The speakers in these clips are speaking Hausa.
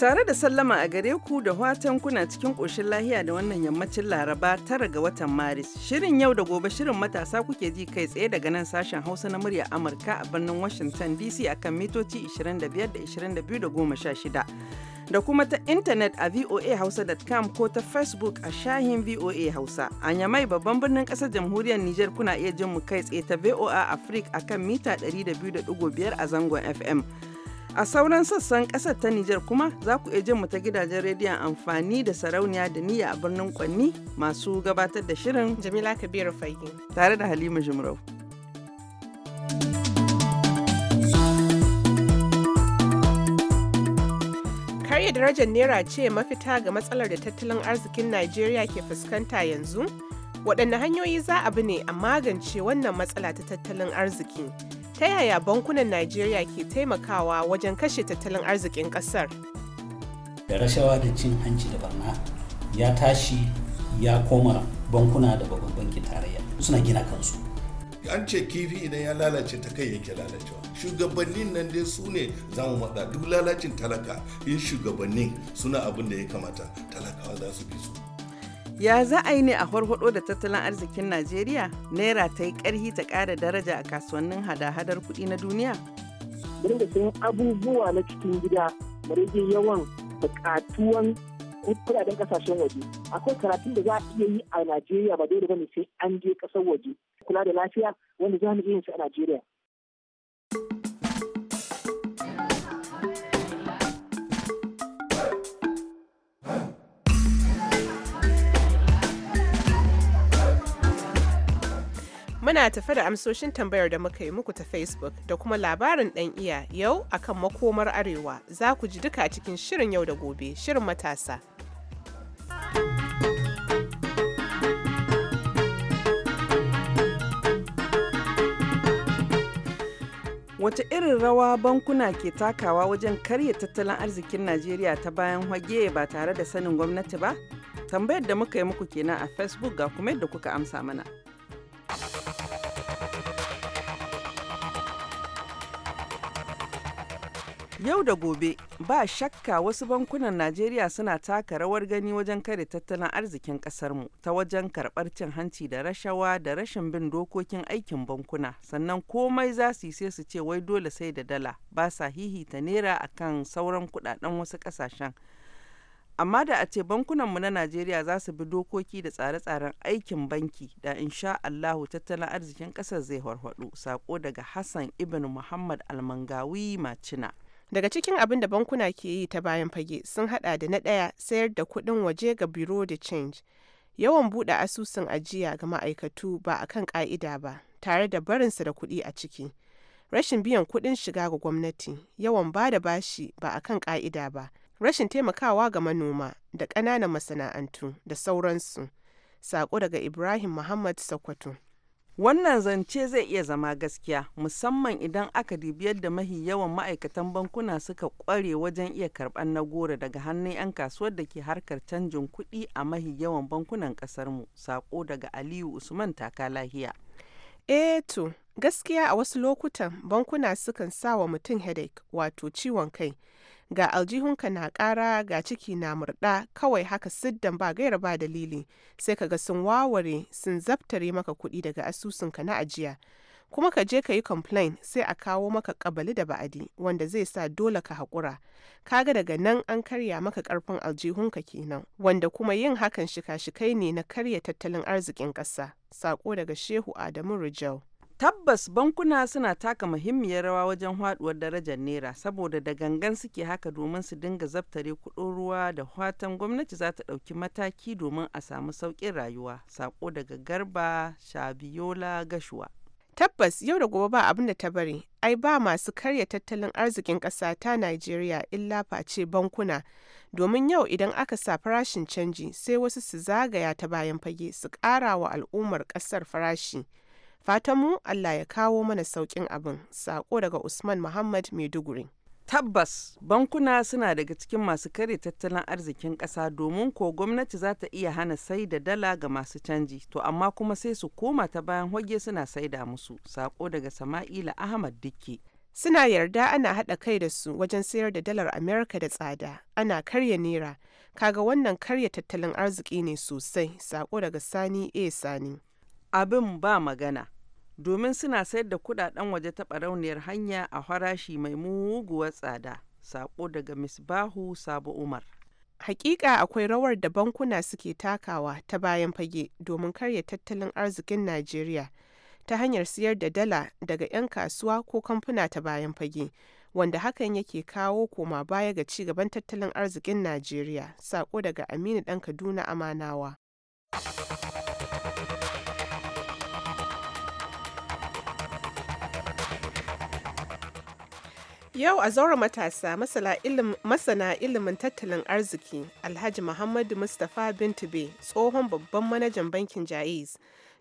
Tare da sallama a gare ku da watan kuna cikin ƙoshin lahiya da wannan yammacin Laraba tara ga watan Maris. Shirin yau da gobe shirin matasa kuke ji kai tsaye daga nan sashen Hausa na murya Amurka a birnin Washington DC akan mitoci 25 da 22 da Da kuma ta intanet a voahausa.com ko ta Facebook a shahin VOA Hausa. A Yamai babban birnin ƙasar jamhuriyar niger kuna iya jin mu kai tsaye ta VOA Africa akan mita 102.5 a zangon FM. A sauran sassan ƙasar ta Nijar kuma za ku iya jin mu ta gidajen rediyon amfani da sarauniya da niyya a birnin Kwanni masu gabatar da shirin Jamila Kabiru Fahim tare da Halima jimrau Karya darajar Naira ce mafita ga matsalar da tattalin arzikin Najeriya ke fuskanta yanzu? Waɗanne hanyoyi za a bi ne a magance wannan matsala ta tattalin arziki? Ta yaya bankunan Najeriya ke taimakawa wajen kashe tattalin arzikin ƙasar? Da rashawa da cin hanci da barna ya tashi ya koma bankuna da babban bankin tarayya suna gina kansu. An ce kifi idan ya lalace ta kai yake lalacewa. Shugabannin nan dai su ne za mu maɗa duk lalacin talaka in shugabannin suna abin da ya kamata talakawa za su bi su. Ya za a yi ne a farfado da tattalin arzikin Najeriya? Naira ta yi ƙarhi ta ƙara daraja a kasuwannin hada-hadar kuɗi na duniya? Dinga sun abubuwa na cikin gida rage yawan buƙatuwan kuɗaɗen ƙasashen waje. Akwai karatun da za a iya yi a Najeriya ba dole ba bane sai an je ƙasar waje. Kula da lafiya wanda za mu iya yin su a Najeriya. Muna tafe da amsoshin tambayar da muka yi muku ta Facebook da kuma labarin ɗan iya yau akan makomar Arewa za ku ji duka a cikin shirin yau da gobe shirin matasa. Wata irin rawa bankuna ke takawa wajen karya tattalin arzikin Najeriya ta bayan hage ba tare da sanin gwamnati ba? Tambayar da muka yi muku kenan a Facebook ga kuma yadda kuka amsa mana. Yau da gobe ba shakka wasu bankunan Najeriya suna taka rawar gani wajen kare tattalin arzikin kasarmu ta wajen karɓar cin hanci da rashawa da rashin bin dokokin aikin bankuna sannan komai za su yi sai su ce wai dole sai da dala ba sa hihita naira akan sauran kudaden wasu kasashen. amma da a ce bankunanmu na Najeriya za su bi dokoki da tsare-tsaren aikin banki da in sha Allahu tattalin arzikin ƙasar zai warwado sako daga Hassan Ibn Muhammad Almangawi Macina. Daga cikin abin da bankuna ke yi ta bayan fage sun hada da na ɗaya sayar da kuɗin waje ga biro da Change, yawan buɗe asusun ajiya ga ma'aikatu ba a kan ƙa'ida ba, tare da barinsa da kuɗi a ciki. Rashin biyan kuɗin shiga ga gwamnati, yawan ba da bashi ba a kan ƙa'ida ba, rashin taimakawa ga manoma da ƙananan masana'antu da sauransu. Sako daga Ibrahim Muhammad Sokoto. Wannan zance zai iya zama gaskiya musamman idan aka dubi yadda mahi yawan ma'aikatan bankuna suka kware wajen iya karɓar na goro daga hannun 'yan kasuwar da ke harkar canjin kuɗi a mahi yawan bankunan ƙasarmu. Sako daga Aliyu Usman taka lahiya. Eh to, gaskiya a wasu lokutan bankuna sukan sa wa mutum headache wato ciwon kai ga aljihunka na ƙara ga ciki na murɗa kawai haka siddan ba gaira ba dalili sai kaga sun waware sun zaftare maka kuɗi daga asusunka na ajiya kuma ka je ka yi complain sai a kawo maka kabali da ba'adi wanda zai sa dole ka haƙura kaga daga nan an karya maka ƙarfin aljihunka kenan wanda kuma yin hakan shika-shikai ne na karya tattalin arzikin ƙasa sako daga shehu adamu rijau Tabbas bankuna suna taka muhimmiyar rawa wajen haduwar darajar Naira saboda da gangan suke haka domin su dinga zabtare kudin ruwa da fatan gwamnati za ta ɗauki mataki domin a samu saukin rayuwa. Sako daga Garba Shabiola Gashuwa. Tabbas yau da gobe ba abin da ta bari, ai ba masu karya tattalin arzikin ƙasa ta nigeria illa face bankuna, domin yau idan aka sa farashin canji sai wasu su zagaya ta bayan fage su ƙara wa al'ummar ƙasar farashi. Fatanmu Allah ya kawo mana saukin abin, sako daga Usman Muhammad Maiduguri. Tabbas bankuna suna daga cikin masu kare tattalin arzikin ƙasa domin ko gwamnati za ta iya hana sai da dala ga masu canji, to amma kuma sai su koma ta bayan hoge suna saida musu, sako daga Sama'ila Ahmad Dikke. Suna yarda ana haɗa kai da su wajen sayar da dalar Amerika da tsada, ana karya nera kaga wannan karya tattalin arziki ne sosai, sako daga Sani e Sani. abin ba magana domin suna sayar da kudaden waje ta barauniyar hanya a farashi mai muguwar tsada sako daga misbahu sabu umar hakika akwai rawar da bankuna suke takawa ta bayan fage domin karya tattalin arzikin najeriya ta hanyar siyar da dala daga 'yan kasuwa ko kamfuna ta bayan fage wanda hakan yake kawo koma baya ga ci gaban tattalin arzikin najeriya sako daga aminu dan kaduna amanawa Yau a zaura matasa masana ilimin tattalin arziki Alhaji Muhammadu Mustapha Bintube tsohon babban manajan bankin Jaiz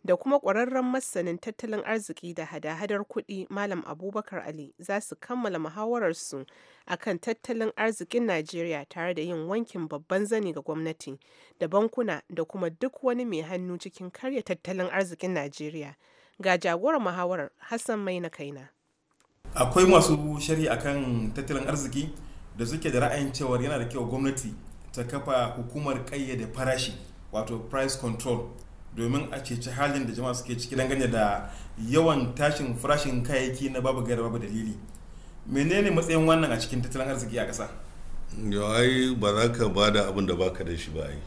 da kuma ƙwararren masanin tattalin arziki da hada-hadar kuɗi Malam Abubakar Ali za su kammala muhawararsu a kan tattalin arzikin Najeriya tare da yin wankin babban zani ga gwamnati da bankuna da kuma duk wani mai hannu cikin karya tattalin arzikin Najeriya. Ga jagorar muhawarar Hassan Mai na kaina. akwai masu shari kan tattalin arziki da suke da ra'ayin cewar yana da kyau gwamnati ta kafa hukumar kayyade farashi wato price control domin a ceci halin da jama'a suke ciki dangane da yawan tashin farashin kayayyaki na babu gaira babu dalili menene matsayin wannan a cikin tattalin arziki a ƙasa yawai ba za ka ba da abin da baka da shi ba ai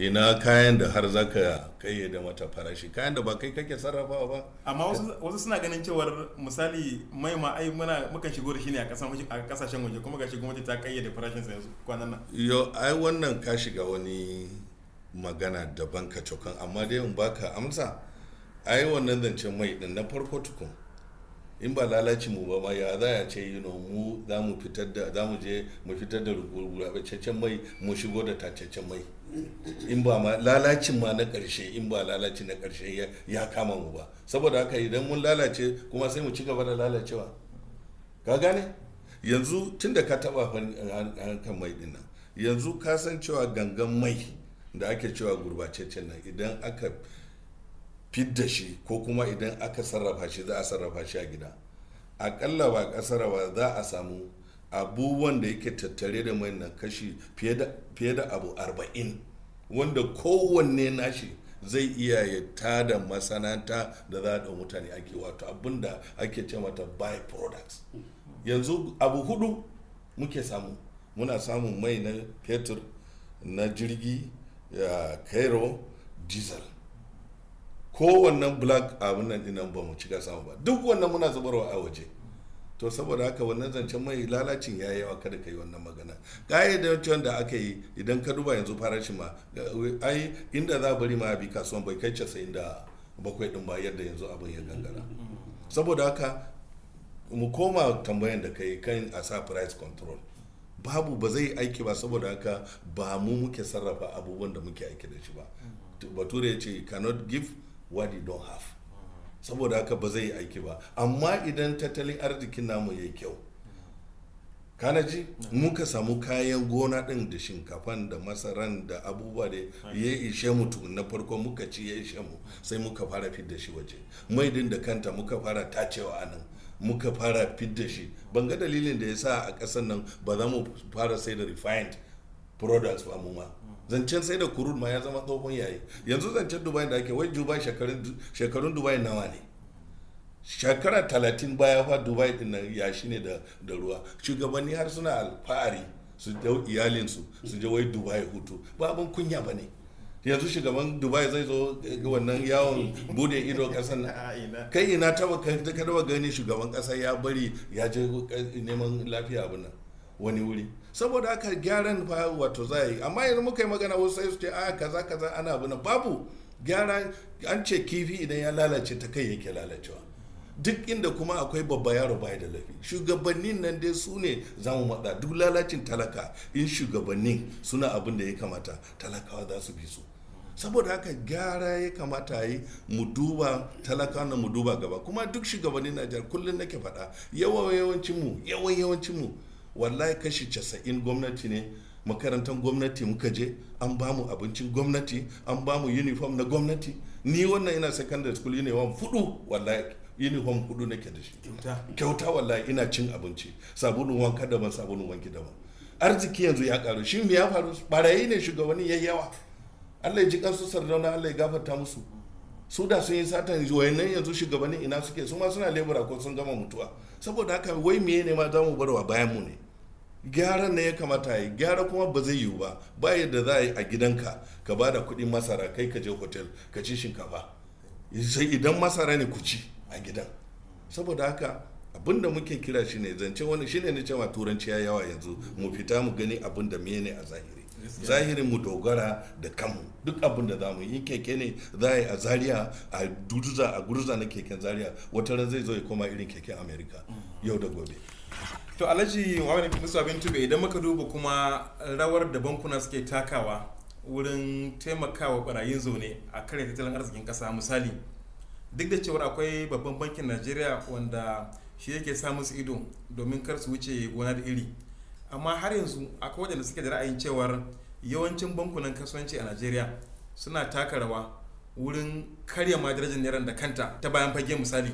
ina kayan da har za ka da mata farashi kayan da ba kai kake sarrafawa ba amma wasu suna ganin cewar misali mai ma ai muna muka shigo da shi ne a kasashen waje kuma gashi gwamnati ta kayyade farashin sa yanzu kwanan nan yo ai wannan ka shiga wani magana daban ka cokan amma dai in baka amsa ai wannan zancen mai din na farko tukun in ba lalaci mu ba ma ya za ya ce yi no mu za mu fitar da za mu je mu fitar da rubutaccen mai mu shigo da tacaccen mai in ba ma lalacin ma na ƙarshe in ba lalaci na ƙarshe ya kama mu ba saboda haka idan mun lalace kuma sai mu ci gaba da lalacewa ka gane yanzu tun da ka taba hankan mai din yanzu ka san cewa gangan mai da ake cewa gurbataccen nan idan aka fidda shi ko kuma idan aka sarrafa shi za a sarrafa shi a gida akalla ba kasarawa za a samu abubuwan da yake tattare da mai nan kashi fiye da abu arba'in wanda kowanne nashi zai iya ya tada masana'anta da za a mutane ake wato abinda da ake ce mata products yanzu abu hudu muke samu muna samun mai na fetur na jirgi cairo diesel kowannan black abin nan dinan ba mu cika samu ba duk wannan muna zubarwa a waje to saboda haka wannan zancen mai lalacin ya yawa kada ka yi wannan magana ƙayyadancin da aka yi idan ka duba yanzu farashin ma ai inda za bari ma bi kasuwan bai kai casa inda bakwai din ba yadda yanzu abin ya gangara saboda haka mu koma tambayan da kai kan a sa price control babu ba zai aiki ba saboda haka ba mu muke sarrafa abubuwan da muke aiki da shi ba bature ya ce cannot give what you don't have saboda haka ba zai yi aiki ba amma idan tattalin arzikin namu ya kyau kanaji muka samu kayan gona din da shinkafan da masaran da abubuwa da ya ishe mu na farko muka ci ya ishe mu sai muka fara fidda shi waje mai din da kanta muka fara tacewa a nan muka fara fidda shi ban ga dalilin da ya sa a ƙasar nan ba za mu fara sai da refined products ba mu ma zancen sai da kurun ma ya zama tsohon yayi yanzu zancen dubai da ake wai dubai shekarun dubai nawa ne shekara talatin baya fa dubai din nan yashi ne da ruwa shugabanni har suna alfahari su dau iyalinsu su je wai dubai hutu ba abin kunya ba ne yanzu shugaban dubai zai zo eh, wannan yawon bude ido kasan kai ina taba ka gani shugaban kasa ya bari ya je eh, neman lafiya abin nan wani wuri saboda aka gyaran fa wato za yi amma yanzu muka yi magana wasu sai su ce a kaza kaza ana abu babu gyara an ce kifi idan ya lalace ta kai yake lalacewa duk inda kuma akwai babba yaro baya da lafi shugabannin nan dai su ne za mu maɗa duk lalacin talaka in shugabannin suna abin da ya kamata talakawa za su bi su saboda haka gyara ya kamata yi mu duba talaka na mu duba gaba kuma duk shugabannin najeriya kullum nake faɗa yawan yawancin yawan yawancin wallahi kashi casa'in gwamnati ne makarantar gwamnati muka je an ba mu abincin gwamnati an ba mu uniform na gwamnati ni wannan ina secondary school uniform fudu wallahi uniform na nake da shi kyauta wallahi ina cin abinci sabulun wanka man sabulun wanki man arziki yanzu ya karu shi me ya faru barayi ne shugabanni ya yawa Allah ya ji kansu sardauna Allah ya gafarta musu su da sun yi satan wayannan yanzu shugabanni ina suke su ma suna lebura ko sun gama mutuwa saboda haka wai me ne ma za mu barwa bayan mu ne gyara ne ya kamata yi gyara kuma ba zai yiwu ba ba yadda za a yi a gidanka ka ba da kuɗin masara kai ka je hotel ka ci shinkafa sai idan masara ne ku ci a gidan saboda haka abin da muke kira shine zance wani shine ne cewa turanci ya yawa yanzu mu fita mu gani abin da ne a zahiri zahirin mu dogara da kanmu duk abin da zamu yi keke ne za a yi a duduza a gurza na keken zariya wata ran zai zo ya koma irin keken america mm. yau da gobe to alhaji wani musu abin tube idan muka duba kuma rawar da bankuna suke takawa wurin taimakawa barayin zaune a karya tattalin arzikin kasa misali duk da cewar akwai babban bankin najeriya wanda shi yake samun su ido domin kar su wuce gona da iri amma har yanzu akwai wadanda suke da ra'ayin cewar yawancin bankunan kasuwanci a najeriya suna taka rawa wurin karya ma darajar naira da kanta ta bayan fage misali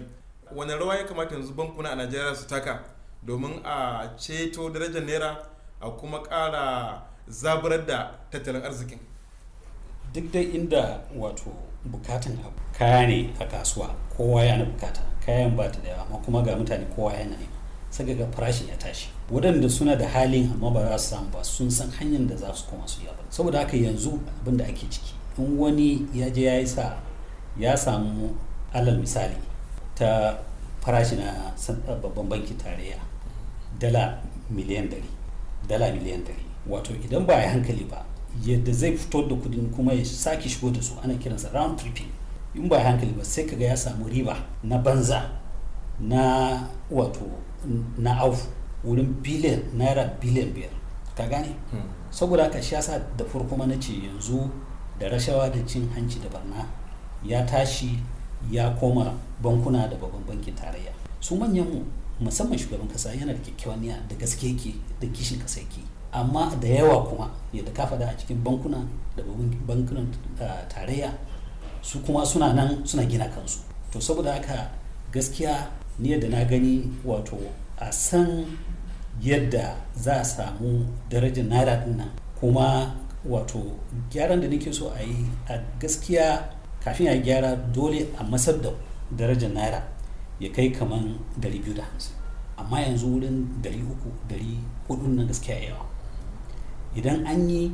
wani rawa ya kamata yanzu bankuna a najeriya su taka domin a ceto darajar naira a kuma kara zaburar da tattalin arzikin duk dai inda wato bukatan abu kaya ne a kasuwa kowa yana bukata kayan ba ta da yawa amma kuma ga mutane kowa yana nema sai ga farashin ya tashi waɗanda suna da halin amma ba za su samu ba sun san hanyar da za su koma su yi saboda haka yanzu abinda ake ciki in wani ya je ya yi sa ya samu alal misali ta farashi na eh, babban banki tarayya dala miliyan dari dala miliyan dari wato idan ba ya hankali ba yadda zai fito da kudin kuma ya sake shigo da su ana kiransa round tripping in ba ya hankali ba sai kaga ya samu riba na banza na wato na aufu wurin biliyan naira biliyan biyar ka gane hmm. saboda haka shi yasa da farko mana ce yanzu da rashawa da cin hanci da barna ya tashi ya koma bankuna da babban bankin tarayya su manyan mu musamman shugaban kasa yana da kyakkyawan niyya da gaske ke da kishin kasa yake amma da yawa kuma yadda ka faɗa a cikin bankuna da bankunan ah, tarayya su kuma suna nan suna gina kansu to saboda haka gaskiya ni da na gani wato a san yadda za a samu darajar naira dinnan kuma wato gyaran da nake so a yi a gaskiya kafin a yi gyara dole a masar da darajar naira ya kai kaman 250 amma yanzu wurin 300 400 na gaskiya yawa idan an yi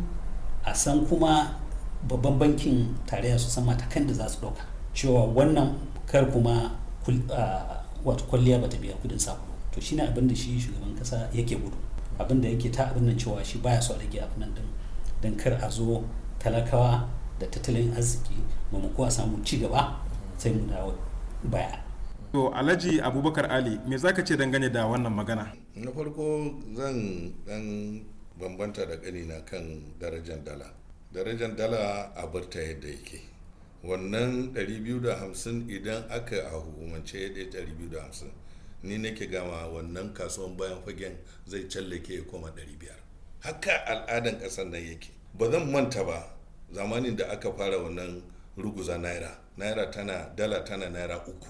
a san kuma babban bankin tarayya su san matakan da za su ɗauka cewa wannan kar kuma wato kwalliya bata biya kudin sako to shine abin da shi shugaban kasa yake gudu abin da yake ta abin nan cewa shi baya so rage abin nan din kar a zo talakawa da tattalin arziki mu a samu ci gaba sai mu dawo baya to alhaji abubakar ali me ka ce dangane da wannan magana na farko zan dan bambanta da na kan darajar dala darajar dala a barta yadda yake wannan 250 idan aka a hukumance ya 250 ni nake gama wannan kasuwan bayan fagen zai callake ya koma biyar. haka al'adan ƙasar nan yake ba zan manta ba zamanin da aka fara wannan ruguza naira naira tana dala tana naira uku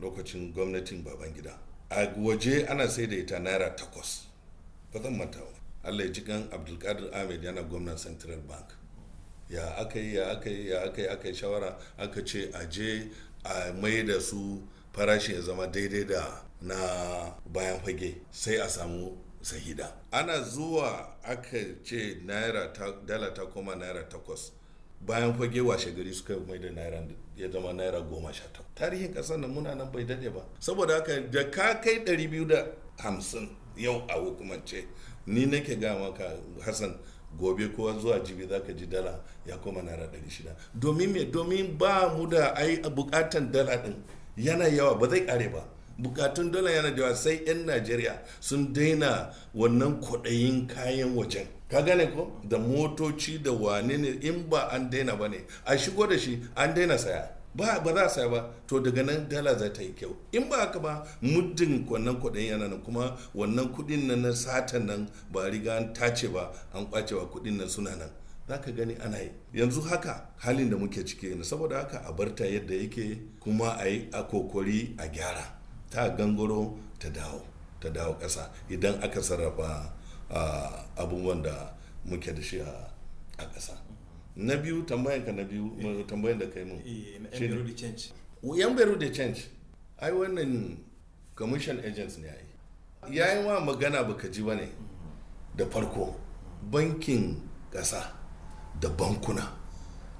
lokacin gwamnatin baban gida a waje ana sai da ita naira takwas ba zan manta ba allah ya ji kan abdulkadir ahmed yana gwamnan central bank ya aka yi ya aka yi ya aka yi aka yi shawara aka ce a je a mai da su farashi ya zama daidai da na bayan fage sai a samu sahida ana zuwa aka ce naira dala ta koma naira takwas bayan fage washe gari suka mai da naira ya zama naira goma sha takwas tarihin kasar nan muna nan bai dade ba saboda haka da ka kai ɗari biyu da hamsin yau a hukumance ni nake ga maka hassan gobe kowa zuwa jibi za ka ji dala ya koma naira ɗari shida domin me domin ba mu da ai bukatan dala ɗin yana yawa ba zai kare ba bukatun dala yana da yawa sai 'yan najeriya sun daina wannan kwaɗayin kayan wajen ka gane ko da motoci da wane ne in ba an daina ba ne a shigo da shi an daina saya ba ba za a saya ba to daga nan dala za ta yi kyau in ba haka ba muddin wannan kuɗin yana nan kuma wannan kuɗin nan na satan nan ba riga an tace ba an kwacewa kuɗin nan suna nan za ka gani ana yi yanzu haka halin da muke ciki ne saboda haka a barta yadda yake kuma a yi a kokori a gyara ta gangoro ta dawo ta dawo ƙasa idan aka sarrafa abubuwan da muke da shi a ƙasa na biyu tambayan ka na biyu tambayan da kai mun eh, yan beru da change ai wannan commission agents ne ai yayin wa magana baka ji bane da farko bankin ƙasa da bankuna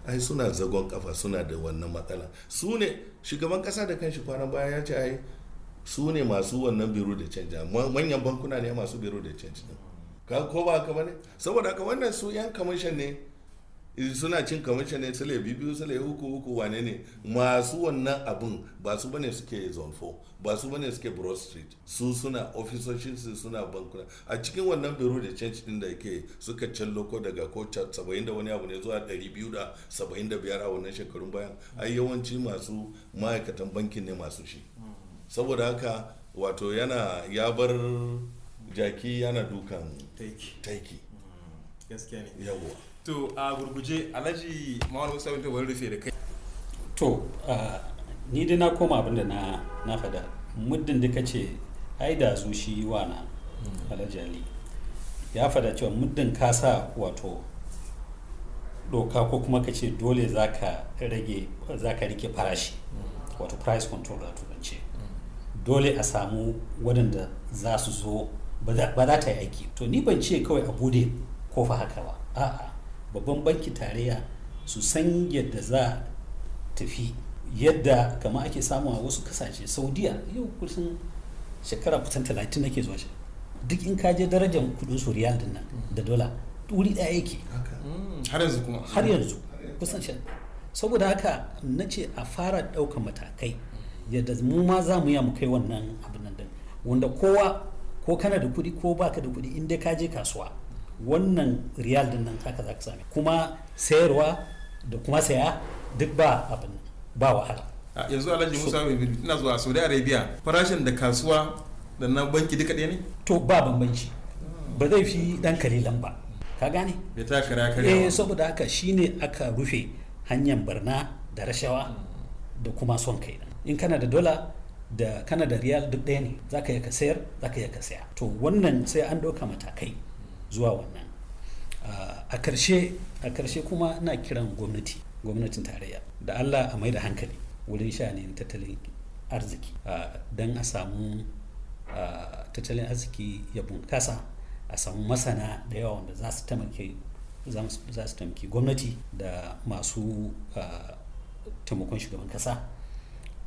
ai suna zagon kafa suna da wannan matsala su ne shugaban kasa da kanshi kwanan baya ya ce ai su ne masu wannan biro da canji manyan bankuna ne masu biro da canji ka ko ba ka bane saboda ka wannan su yan kamishan ne suna cin kamashin ne sale biyu sale uku uku wane ne masu wannan abin ba su bane suke zone 4 ba su bane suke broad street su suna ofisoshin su suna bankuna a cikin wannan biro da change din da yake suka callo ko daga ko 70 da wani abu ne zuwa 275 a wannan shekarun bayan ai yawanci masu ma'aikatan bankin ne masu shi saboda haka wato yana ya bar jaki yana dukan taiki hmm, gaskiya ne yawwa to a gurguje alhaji mawar musa bin wani rufe da kai to ni dai na koma abin da na fada muddin da ce, ai da zu shi wa na hmm. alhaji ali ya fada cewa muddin ka sa wato doka ko kuma ka ce dole za ka rage za ka rike farashi hmm. wato price control a turance hmm. dole a samu waɗanda za su zo ba za ta yi aiki to ni ban ce kawai a bude kofa haka ba a'a babban banki tarayya su san yadda za tafi yadda kama ake samu a wasu kasashe saudiya yau kusan shekara kusan talatin nake zuwa shi duk in ka je darajar kudin su riyal din nan da dola wuri daya yake mm, har yanzu kuma har mm. yanzu kusan shi saboda haka na ce a fara ɗaukar matakai yadda mu ma za mu yi mu kai wannan abin nan wanda kowa ko kana da kuɗi ko baka da kuɗi in dai ka je kasuwa wannan riyal din nan haka za ka same kuma sayarwa da kuma saya duk ba abin ba wahala yanzu alhaji musa ina zuwa saudi arabia farashin da kasuwa da na banki duka ɗaya ne to ba bambanci ba zai fi dan kalilan ba ka gane bai ta kare kare eh saboda haka shine aka rufe hanyar barna da rashawa da kuma son kai in kana da dola da kana da riyal duk ɗaya ne zaka yi ka sayar zaka yi ka saya to wannan sai an ɗauka matakai zuwa wannan ah, a karshe kuma na kiran gwamnati gwamnatin tarayya da allah a mai da hankali wurin sha'anin tattalin arziki ah, don a samu ah, tattalin arziki ya bunkasa a samu masana da yawa wanda za su za su taimaki gwamnati da masu taimakon shugaban kasa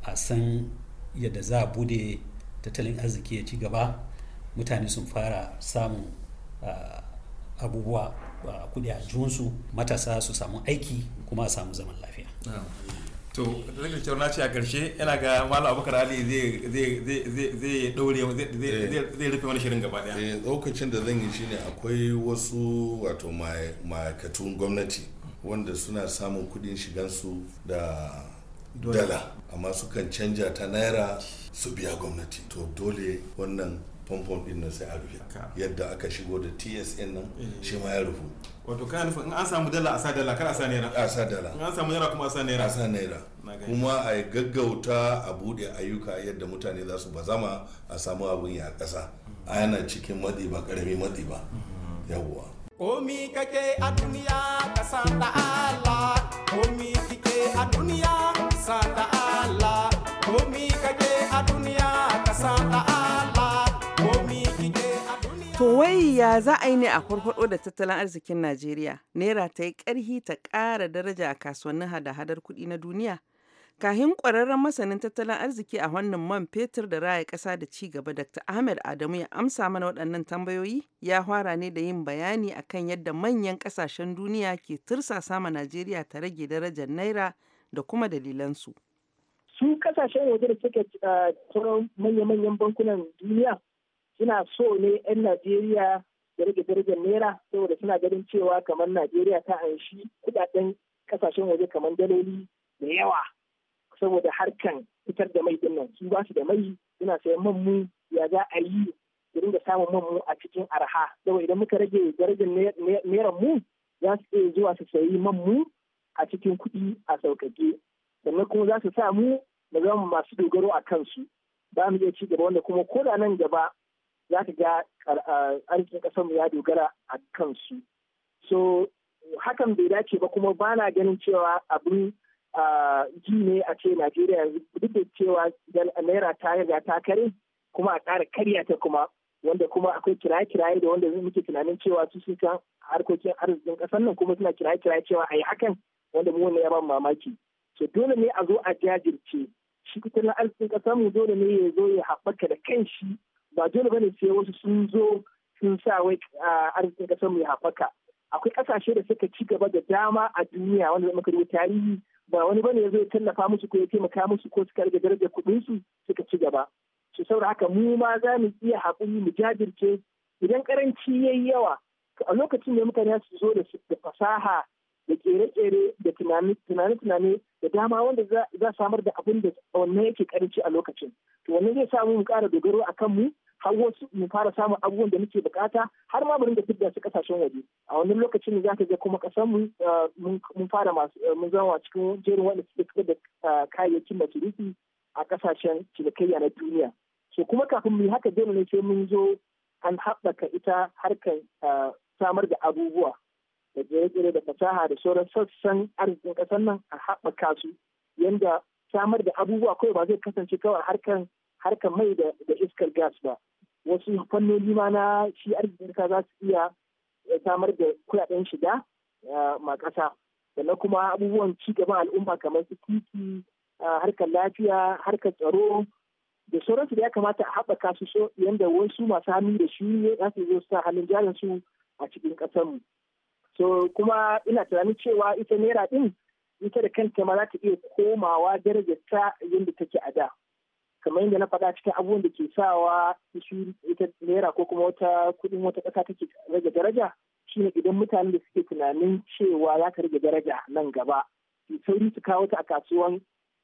a san yadda za a bude tattalin arziki ya ci gaba mutane sun fara samun Uh, abubuwa uh, kudi a junsu matasa su samu aiki kuma a samu zaman lafiya to daga na ce a karshe yana ga malam abubakar ali zai daure eh. zai rufe wani shirin gaba daya eh, lokacin da zan yi shine akwai wasu wato ma'aikatun gwamnati wanda suna samun kudin shigansu da dala amma sukan canja ta naira su biya gwamnati to dole wannan famfon din nan sai a rufe yadda aka shigo da tsn nan eh. shi ma ya rufu wato kana nufin in an samu dala a sa dala kar a sa naira a sa dala in an samu naira kuma a sa naira a sa naira kuma a gaggauta a bude ayyuka yadda mutane za su bazama a samu abun ya kasa a yana cikin matsi ba karami matsi ba mm-hmm. yawwa komi kake a duniya ka sa da Allah komi kike a duniya sa da To wai ya za a yi ne a farfado da tattalin arzikin Najeriya? Naira ta yi ƙarhi ta ƙara daraja a kasuwannin hada-hadar kuɗi na duniya? Kahin ƙwararren masanin tattalin arziki a wannan man fetur da raya ƙasa da ci gaba Dr. Ahmed Adamu ya amsa mana waɗannan tambayoyi ya fara ne da yin bayani akan yadda manyan kasashen duniya ke tursasa ma Najeriya ta rage darajar naira da kuma dalilansu. Su ƙasashen waje da suke ah, manya manyan bankunan duniya suna so ne 'yan najeriya da rage darajar naira saboda suna ganin cewa kamar najeriya ta anshi kudaden kasashen waje kamar daloli da yawa saboda harkan fitar da mai dinnan su ba su da mai suna sayan man mu ya za a yi su dinga samun man mu a cikin arha saboda idan muka rage darajar naira mu za su iya zuwa su sayi man mu a cikin kuɗi a sauƙaƙe sannan kuma za su sa mu da zama masu dogaro a kansu ba mu iya ci gaba wanda kuma ko da nan gaba za ka ga arzikin kasar mu ya dogara a kansu so hakan bai dace ba kuma ba na ganin cewa abin ji ne a ce najeriya yanzu duk da cewa naira ta riga ta kare kuma a ƙara karya ta kuma wanda kuma akwai kiraye-kiraye da wanda muke tunanin cewa su suka harkokin arzikin ƙasar nan kuma suna kiraye-kiraye cewa a yi hakan wanda mu ya ban mamaki so dole ne a zo a jajirce shi kuma arzikin ƙasar mu dole ne ya zo ya haɓaka da kanshi ba dole bane sai wasu sun zo sun sa wai arzikin kasar mu ya haɓaka akwai ƙasashe da suka ci gaba da dama a duniya wanda zama karbi tarihi ba wani bane ya zo ya tallafa musu ko ya taimaka musu ko suka rage darajar kuɗin su suka ci gaba su saboda haka mu ma za mu iya haƙuri mu jajirce idan karanci yayi yawa a lokacin da mutane su zo da fasaha da kere-kere da tunane-tunane da dama wanda za samar da abin da wannan yake karanci a lokacin to wannan zai samu mu kara dogaro a kanmu har wasu mu fara samun abubuwan da muke bukata har ma bari da fidda su kasashen waje a wannan lokacin za ka je kuma kasan eh, mun fara masu eh, mun zama cikin jerin wanda suke fitar da eh, kayayyakin masarufi a kasashen cinikayya na duniya so kuma kafin mu haka dole ne sai mun zo an haɓaka ita harkar samar da abubuwa da jere da fasaha da sauran sassan arzikin ƙasar nan a haɓaka su yanda samar da abubuwa kawai ba zai kasance kawai harkan harkar mai da iskar gas ba wasu fannoni ma na shi arzikin ka za su iya eh, samar da kuɗaɗen shiga eh, ma ƙasa sannan kuma abubuwan ci gaban al'umma kamar su titi eh, harkar lafiya harkar tsaro da sauransu da ya kamata a haɓaka su so yadda wasu masu hannu da shi za su zo sa halin jarin su a cikin ƙasarmu so kuma ina tunanin cewa ita naira ɗin ita da kanta ma za ta iya komawa darajar ta yadda take a da kamar yadda na faɗa cikin abubuwan da ke sawa shi ita naira ko kuma wata kuɗin wata ƙasa take rage daraja shine idan mutanen da suke tunanin cewa za ta rage daraja nan gaba su sauri su kawo ta a kasuwan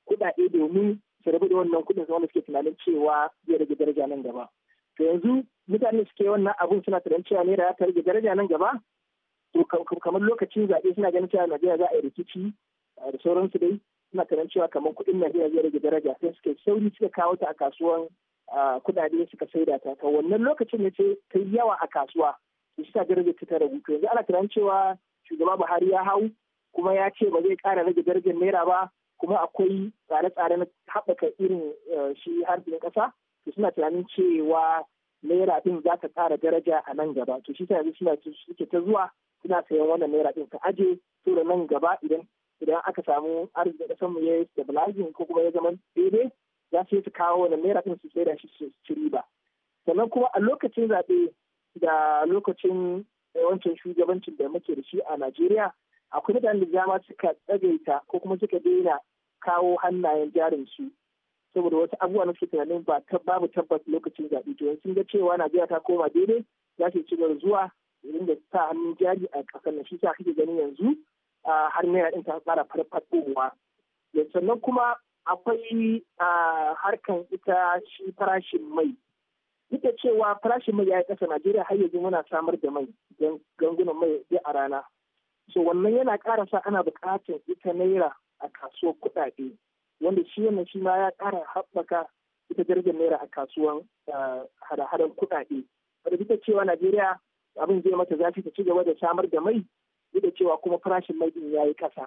kuɗaɗe domin su rabu da wannan kuɗin su wanda suke tunanin cewa zai rage daraja nan gaba to yanzu mutane da suke wannan abun suna tunanin cewa naira za ta rage daraja nan gaba to kamar lokacin zaɓe suna ganin cewa najeriya za a yi rikici da sauransu dai suna tunanin cewa kamar kuɗin Najeriya zai rage daraja sai suke sauri suka kawo ta a kasuwan kuɗaɗe suka saida ta ta wannan lokacin ne ce ta yawa a kasuwa su sa daraja ta tara yanzu ana tunanin cewa shugaba Buhari ya hau kuma ya ce ba zai ƙara rage darajar naira ba kuma akwai tsare-tsare na haɓaka irin e, shi harbin ƙasa to suna tunanin cewa naira ɗin za ta ƙara daraja a nan gaba to shi yanzu suna ta zuwa suna sayan wannan naira ɗin ta aje to nan gaba idan idan aka samu arziki ƙasar mu ya yi stabilizing ko kuma ya zama daidai za su yi su kawo wani naira ɗin su sai da shi su riba sannan kuma a lokacin zaɓe da lokacin yawancin shugabancin da muke da shi a Najeriya akwai da da dama suka tsagaita ko kuma suka daina kawo hannayen jarin su saboda wasu abubuwa na tunanin ba babu tabbas lokacin zaɓe to sun ga cewa Najeriya ta koma daidai za su ci zuwa inda da sa hannun jari a ƙasar na shi sa kake ganin yanzu har naira ɗin ta fara farfaɗowa sannan kuma akwai harkan ita shi farashin mai duk cewa farashin mai ya yi ƙasa najeriya har yanzu muna samar da mai gangunan mai duk a rana so wannan yana ƙara sa ana buƙatar ita naira a kasuwar kuɗaɗe wanda shi wannan shi ma ya ƙara haɓaka ita darajar naira a kasuwan hada hadar kuɗaɗe wanda duk cewa najeriya abin zai mata zafi ta ci gaba da samar da mai duk da cewa kuma farashin mai ya yi ƙasa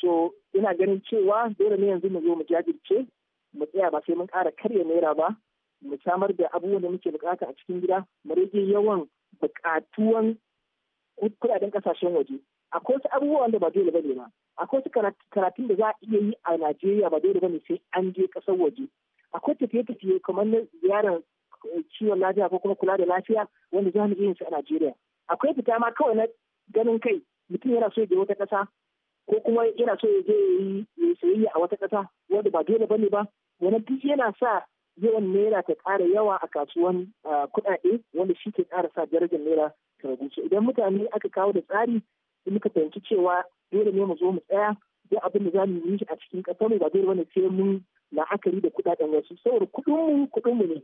so ina ganin cewa dole ne yanzu mu zo mu jajirce mu tsaya ba sai mun ƙara karya naira ba mu samar da abubuwan da muke bukata a cikin gida mu rage yawan bukatuwan kudaden kasashen waje akwai wasu abubuwa wanda ba dole bane ba akwai wasu karatun da za a iya yi a Najeriya ba dole bane sai an je kasar waje akwai tafiye-tafiye kamar na ziyarar ciwon eh, lafiya ko kuma kula da lafiya wanda za mu iya yin su a Najeriya akwai fita ma kawai na ganin kai mutum yana so ya je wata ƙasa ko kuma yana so ya je ya yi sayayya a wata ƙasa wanda ba dole bane ba wannan duk yana sa yawan naira ta ƙara yawa a kasuwan kuɗaɗe wanda shi ke ƙara sa darajar naira ta ragu idan mutane aka kawo da tsari sai muka fahimci cewa dole ne mu zo mu tsaya duk abin da za mu yi a cikin ƙasar ba dole bane sai mun la'akari da kuɗaɗen wasu saboda kuɗin mu kuɗin mu ne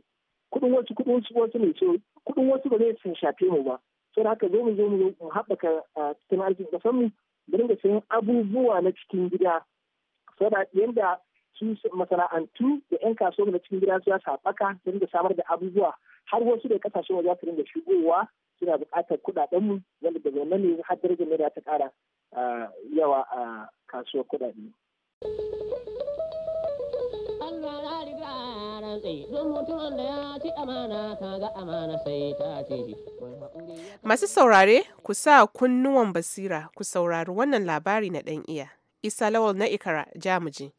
kuɗin wasu kuɗin wasu ne so kuɗin wasu ba zai sun shafe mu ba sai haka zo mu zo mu mu haɓaka cikin arzikin da mu mu dinga sayan abubuwa na cikin gida saboda yanda su masana'antu da 'yan kasuwa na cikin gida su ya saɓaka su dinga samar da abubuwa har wasu da kasashen waje su dinga shigowa suna buƙatar kuɗaɗen mu wanda daga zaune ne har darajar ne da ta ƙara yawa a kasuwar kuɗaɗe. Masu saurare ku sa kunnuwan basira ku saurari wannan labari na ɗan iya. Isa Lawal na Ikara Jamuji.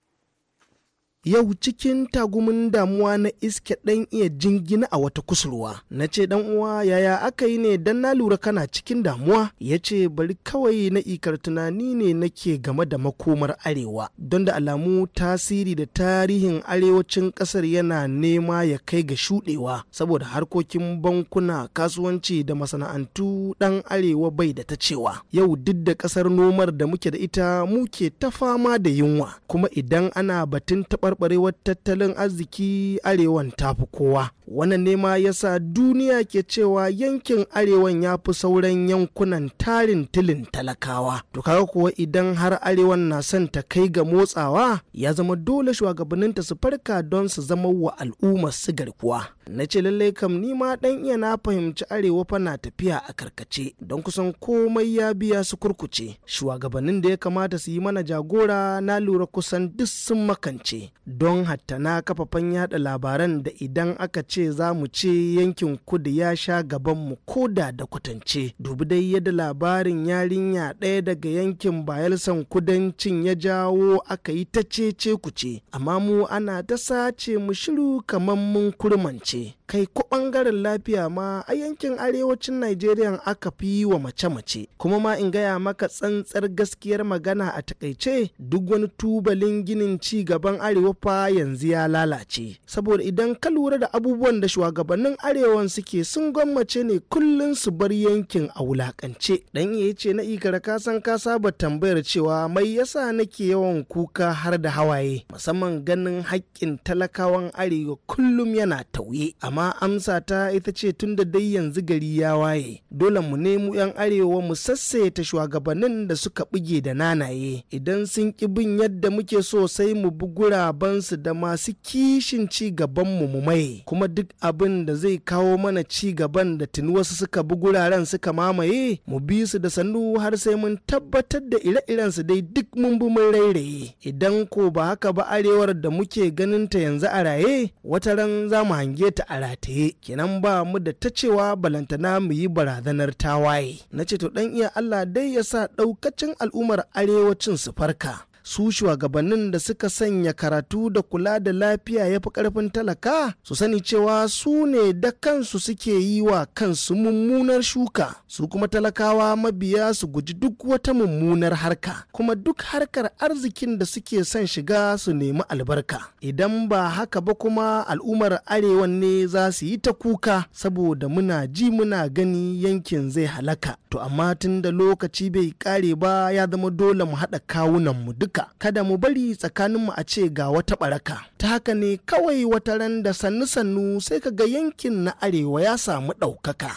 yau cikin tagumin damuwa na iske ɗan iya jingina a wata kusurwa na ce ɗan uwa yaya aka yi ne dan na lura kana cikin damuwa ya ce bari kawai na ikar tunani ne nake game da makomar arewa don da alamu tasiri da tarihin arewacin ƙasar yana nema ya kai ga shuɗewa saboda harkokin bankuna kasuwanci da masana'antu ɗan arewa bai da ta cewa yau duk da ƙasar nomar da muke da ita muke ta fama da yunwa kuma idan ana batun taɓar taɓarɓarewar tattalin arziki arewan fi kowa wannan nema ya sa duniya ke cewa yankin arewan ya fi sauran yankunan tarin tilin talakawa to kaga kuwa idan har arewan na son ta kai ga motsawa ya zama dole shugabanninta su farka don su zama wa al'ummar su garkuwa na ce lallai kam ni ma dan iya na fahimci arewa fa na tafiya a karkace don kusan komai ya biya su kurkuce shugabannin da ya kamata su yi mana jagora na lura kusan duk sun makance don hatta na kafafan yada labaran da idan aka ce za mu ce yankin kudu ya sha gaban mu koda da kutance, dubi dai yadda labarin yarinya ɗaya daga yankin bayelsan kudancin ya jawo aka yi ta ce ce kuce amma mu ana ta sace mu shiru kamar mun kurmance ce kai ko bangaren lafiya ma a yankin arewacin Najeriya aka fi yi wa mace-mace kuma ma in gaya maka tsantsar gaskiyar magana a takaice duk wani tubalin ginin ci gaban arewa fa yanzu ya lalace saboda idan ka lura da abubuwan da shugabannin arewan suke sun gwammace ne kullum su bar yankin a wulakance dan iya ce na ikara ka san ka saba tambayar cewa mai yasa nake yawan kuka har da hawaye musamman ganin haƙƙin talakawan arewa kullum yana tauye amma amsa ta ita ce tun da dai yanzu gari ya waye dole mu nemo 'yan arewa mu sassaita shugabannin da suka buge da nanaye idan sun ki bin yadda muke so sai mu bi gurabansu da masu kishin ci gaban mu mu mai kuma duk abin da zai kawo mana ci gaban da tuni wasu suka bi guraren suka mamaye mu bi su da sannu har sai mun tabbatar da ire-iren su dai duk mun bi mun rairaye idan ko ba haka ba arewar da muke ganin ta yanzu a raye wata ran za mu hange ta a rataye kenan ba mu da ta cewa balantana mu yi barazanar tawaye na ce to dan iya Allah dai ya sa daukacin al'ummar arewacin su farka su shugabannin da suka sanya karatu da kula da lafiya ya fi karfin talaka su sani cewa su ne da kansu suke yi wa kansu mummunar shuka su kuma talakawa mabiya su guji duk wata mummunar harka kuma duk harkar arzikin da suke son shiga su nemi albarka idan ba haka ba kuma al'ummar arewan ne za su yi ta kuka saboda muna ji muna gani yankin zai halaka to amma tun da lokaci bai kare ba ya zama dole mu haɗa kawunan mu duk duka kada mu bari tsakaninmu a ce ga wata baraka ta haka ne kawai wata ran da sannu sannu sai ka ga yankin na arewa ya samu ɗaukaka.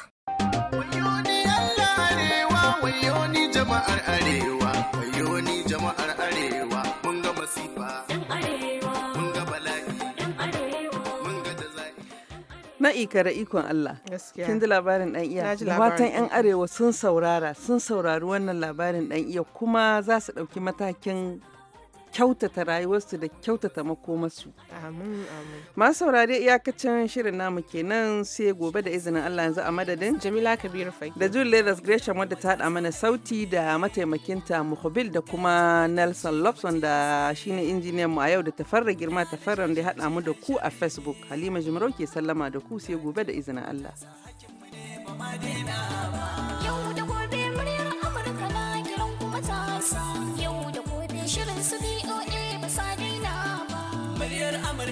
na ikara ikon Allah kin ji labarin dan iya watan yan arewa sun saurara sun saurari wannan labarin dan iya kuma za su ɗauki matakin kyautata rayuwarsu da kyautata makomasu. Amin, amin. Masu saurari iyakacin shirin namu kenan sai gobe da izinin Allah yanzu a madadin. Jamila Kabiru Fai. Da Julie Leras Gresham wadda ta haɗa mana sauti da mataimakinta Muhabil da kuma Nelson Lobson da shine injiniyan mu a yau da tafarra girma tafarra da ya haɗa mu da ku a Facebook. Halima Jumrau ke sallama da ku sai gobe da izinin Allah. Yau da gobe